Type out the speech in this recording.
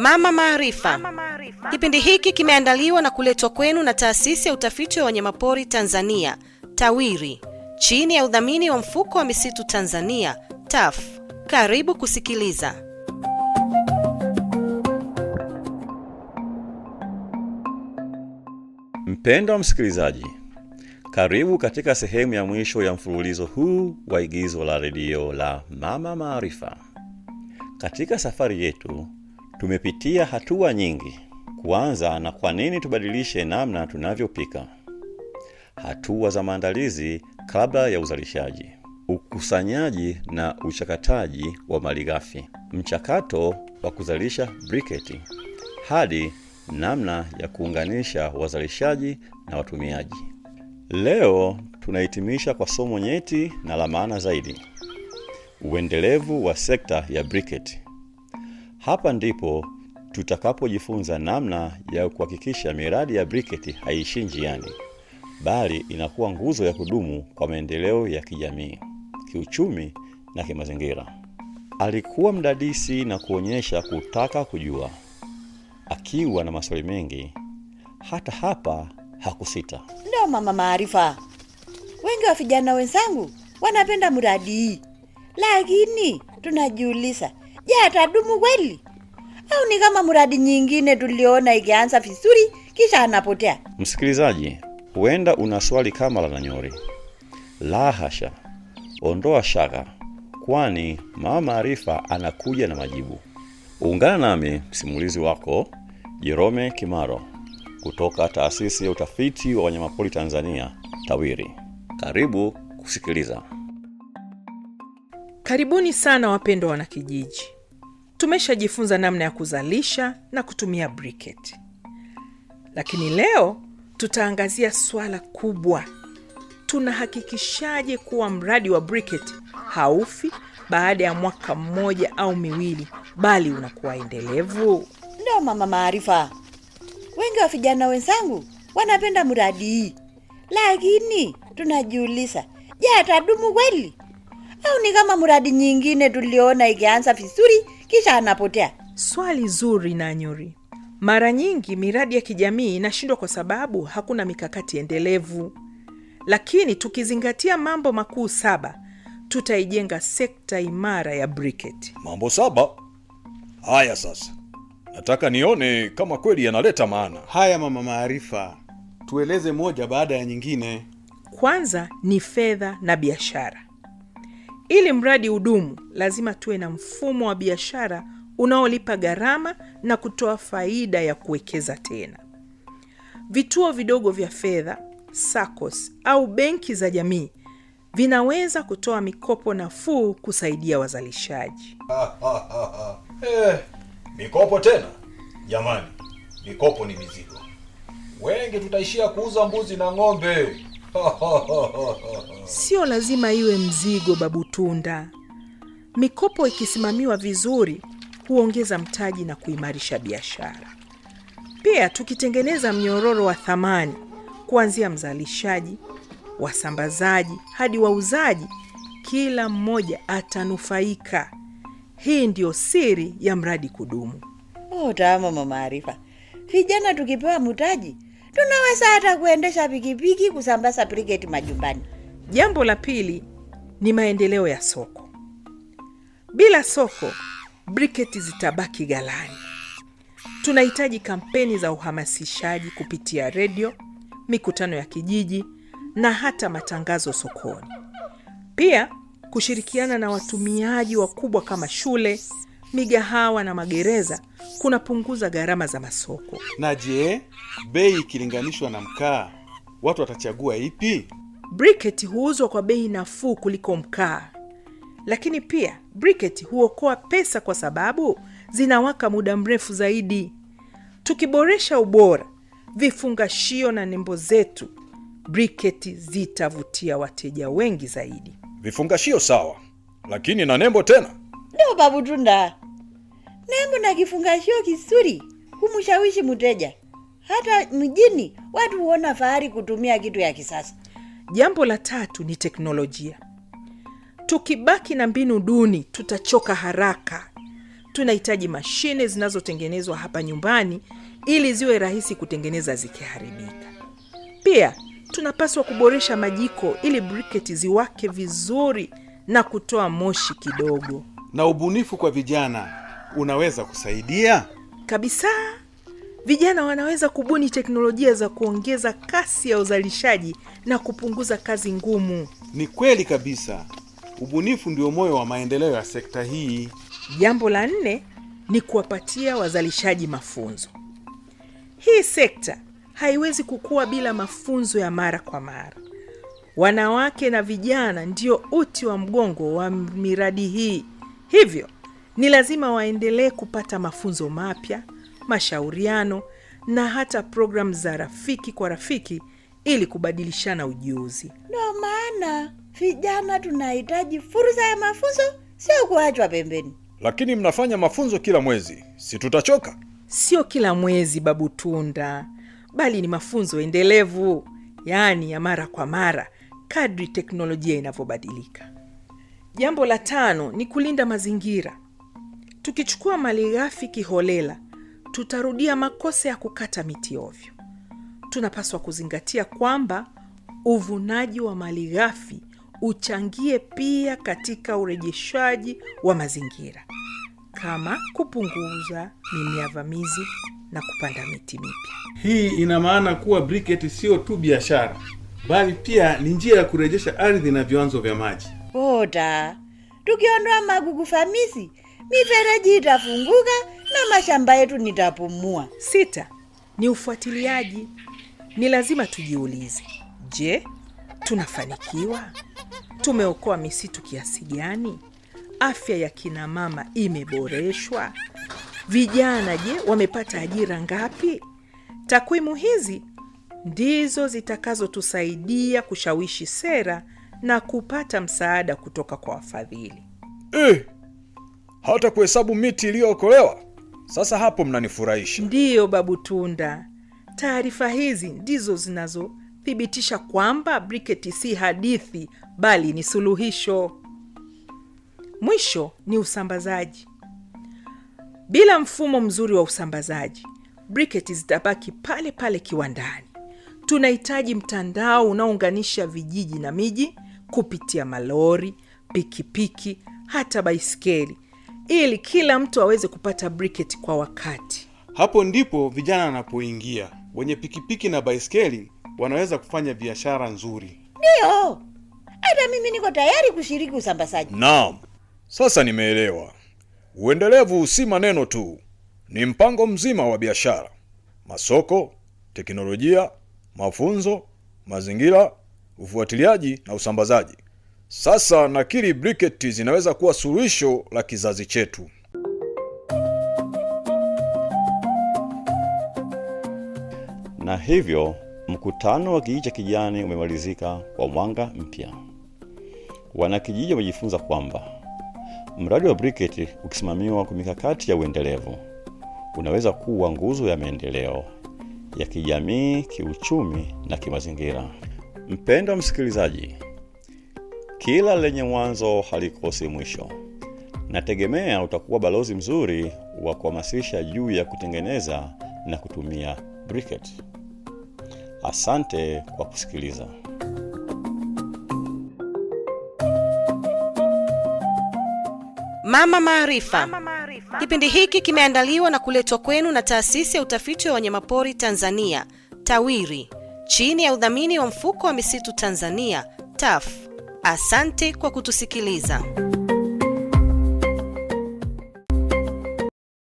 Mama Maarifa. Kipindi hiki kimeandaliwa na kuletwa kwenu na Taasisi ya Utafiti wa Wanyamapori Tanzania, TAWIRI, chini ya udhamini wa Mfuko wa Misitu Tanzania, TAF. Karibu kusikiliza. Mpendwa msikilizaji, karibu katika sehemu ya mwisho ya mfululizo huu wa igizo la redio la Mama Maarifa. Katika safari yetu Tumepitia hatua nyingi kuanza na kwa nini tubadilishe namna tunavyopika, hatua za maandalizi kabla ya uzalishaji, ukusanyaji na uchakataji wa malighafi, mchakato wa kuzalisha briketi, hadi namna ya kuunganisha wazalishaji na watumiaji. Leo tunahitimisha kwa somo nyeti na la maana zaidi, uendelevu wa sekta ya briketi. Hapa ndipo tutakapojifunza namna ya kuhakikisha miradi ya BRICKET haiishii njiani, bali inakuwa nguzo ya kudumu kwa maendeleo ya kijamii, kiuchumi na kimazingira. Alikuwa mdadisi na kuonyesha kutaka kujua, akiwa na maswali mengi. Hata hapa hakusita. Ndio mama maarifa, wengi wa vijana wenzangu wanapenda mradi hii, lakini tunajiuliza Je, atadumu kweli au ni kama mradi nyingine tuliona ikianza vizuri kisha anapotea? Msikilizaji, huenda una swali kama la Nanyori. La hasha, ondoa shaka, kwani mama Maarifa anakuja na majibu. Ungana nami msimulizi wako Jerome Kimaro kutoka Taasisi ya Utafiti wa Wanyamapori Tanzania TAWIRI. Karibu kusikiliza. Karibuni sana wapendwa wanakijiji. Tumeshajifunza namna ya kuzalisha na kutumia briket lakini leo tutaangazia swala kubwa: tunahakikishaje kuwa mradi wa briket haufi baada ya mwaka mmoja au miwili, bali unakuwa endelevu? Ndio mama Maarifa, wengi wa vijana wenzangu wanapenda mradi hii, lakini tunajiuliza, je, atadumu kweli? au ni kama mradi nyingine tuliona ikianza vizuri kisha anapotea swali zuri nanyuri mara nyingi miradi ya kijamii inashindwa kwa sababu hakuna mikakati endelevu lakini tukizingatia mambo makuu saba tutaijenga sekta imara ya briket mambo saba haya sasa nataka nione kama kweli yanaleta maana haya mama maarifa tueleze moja baada ya nyingine kwanza ni fedha na biashara ili mradi hudumu lazima tuwe na mfumo wa biashara unaolipa gharama na kutoa faida ya kuwekeza tena. Vituo vidogo vya fedha, sacos au benki za jamii vinaweza kutoa mikopo nafuu kusaidia wazalishaji. Eh, mikopo tena jamani, mikopo ni mizigo. Wengi tutaishia kuuza mbuzi na ng'ombe. Sio lazima iwe mzigo, Babu Tunda. Mikopo ikisimamiwa vizuri huongeza mtaji na kuimarisha biashara. Pia tukitengeneza mnyororo wa thamani kuanzia mzalishaji, wasambazaji hadi wauzaji, kila mmoja atanufaika. Hii ndio siri ya mradi kudumu. Utaalamu wa maarifa. Vijana tukipewa mtaji tunaweza hata kuendesha pikipiki kusambaza briketi majumbani. Jambo la pili ni maendeleo ya soko. Bila soko, briketi zitabaki galani Tunahitaji kampeni za uhamasishaji kupitia redio, mikutano ya kijiji na hata matangazo sokoni. Pia kushirikiana na watumiaji wakubwa kama shule, migahawa na magereza kunapunguza gharama za masoko. Na je, bei ikilinganishwa na mkaa, watu watachagua ipi? Briketi huuzwa kwa bei nafuu kuliko mkaa, lakini pia briketi huokoa pesa kwa sababu zinawaka muda mrefu zaidi. Tukiboresha ubora, vifungashio na nembo zetu, briketi zitavutia wateja wengi zaidi. Vifungashio sawa, lakini na nembo tena ndo pamutunda nembo na kifungashio kisuri humshawishi mteja. Hata mjini watu huona fahari kutumia kitu ya kisasa. Jambo la tatu ni teknolojia. Tukibaki na mbinu duni, tutachoka haraka. Tunahitaji mashine zinazotengenezwa hapa nyumbani ili ziwe rahisi kutengeneza zikiharibika. Pia tunapaswa kuboresha majiko ili briketi ziwake vizuri na kutoa moshi kidogo na ubunifu kwa vijana unaweza kusaidia kabisa. Vijana wanaweza kubuni teknolojia za kuongeza kasi ya uzalishaji na kupunguza kazi ngumu. Ni kweli kabisa, ubunifu ndio moyo wa maendeleo ya sekta hii. Jambo la nne ni kuwapatia wazalishaji mafunzo. Hii sekta haiwezi kukua bila mafunzo ya mara kwa mara. Wanawake na vijana ndio uti wa mgongo wa miradi hii. Hivyo ni lazima waendelee kupata mafunzo mapya, mashauriano na hata programu za rafiki kwa rafiki ili kubadilishana ujuzi. ndo maana vijana tunahitaji fursa ya mafunzo, sio kuachwa pembeni. Lakini mnafanya mafunzo kila mwezi, si tutachoka? Sio kila mwezi, Babu Tunda, bali ni mafunzo endelevu, yaani ya mara kwa mara kadri teknolojia inavyobadilika. Jambo la tano ni kulinda mazingira. Tukichukua mali ghafi kiholela, tutarudia makosa ya kukata miti ovyo. Tunapaswa kuzingatia kwamba uvunaji wa mali ghafi uchangie pia katika urejeshaji wa mazingira kama kupunguza mimea vamizi na kupanda miti mipya. Hii ina maana kuwa briketi sio tu biashara, bali pia ni njia ya kurejesha ardhi na vyanzo vya maji. Oda, tukiondoa magugu famisi, mifereji itafunguka na mashamba yetu nitapumua. Sita ni ufuatiliaji. Ni lazima tujiulize, je, tunafanikiwa? Tumeokoa misitu kiasi gani? Afya ya kina mama imeboreshwa? Vijana je, wamepata ajira ngapi? Takwimu hizi ndizo zitakazotusaidia kushawishi sera na kupata msaada kutoka kwa wafadhili. Eh, hata kuhesabu miti iliyookolewa? Sasa hapo mnanifurahisha. Ndiyo Babu Tunda, taarifa hizi ndizo zinazothibitisha kwamba briketi si hadithi, bali ni suluhisho. Mwisho ni usambazaji. Bila mfumo mzuri wa usambazaji, briketi zitabaki pale pale kiwandani. Tunahitaji mtandao unaounganisha vijiji na miji kupitia malori pikipiki piki, hata baiskeli ili kila mtu aweze kupata briketi kwa wakati hapo ndipo vijana wanapoingia wenye pikipiki na baiskeli wanaweza kufanya biashara nzuri ndiyo hata mimi niko tayari kushiriki usambazaji naam sasa nimeelewa uendelevu si maneno tu ni mpango mzima wa biashara masoko teknolojia mafunzo mazingira ufuatiliaji na usambazaji. Sasa nakiri briketi zinaweza kuwa suluhisho la kizazi chetu. Na hivyo mkutano wa kijiji cha kijani umemalizika kwa mwanga mpya. Wanakijiji wamejifunza kwamba mradi wa briketi ukisimamiwa kwa mikakati ya uendelevu unaweza kuwa nguzo ya maendeleo ya kijamii, kiuchumi na kimazingira mpendo msikilizaji, kila lenye mwanzo halikosi mwisho. Nategemea utakuwa balozi mzuri wa kuhamasisha juu ya kutengeneza na kutumia briket Asante kwa kusikiliza. Mama Maarifa. Kipindi hiki kimeandaliwa na kuletwa kwenu na Taasisi ya Utafiti wa Wanyamapori Tanzania, TAWIRI chini ya udhamini wa mfuko wa misitu Tanzania TAF. Asante kwa kutusikiliza.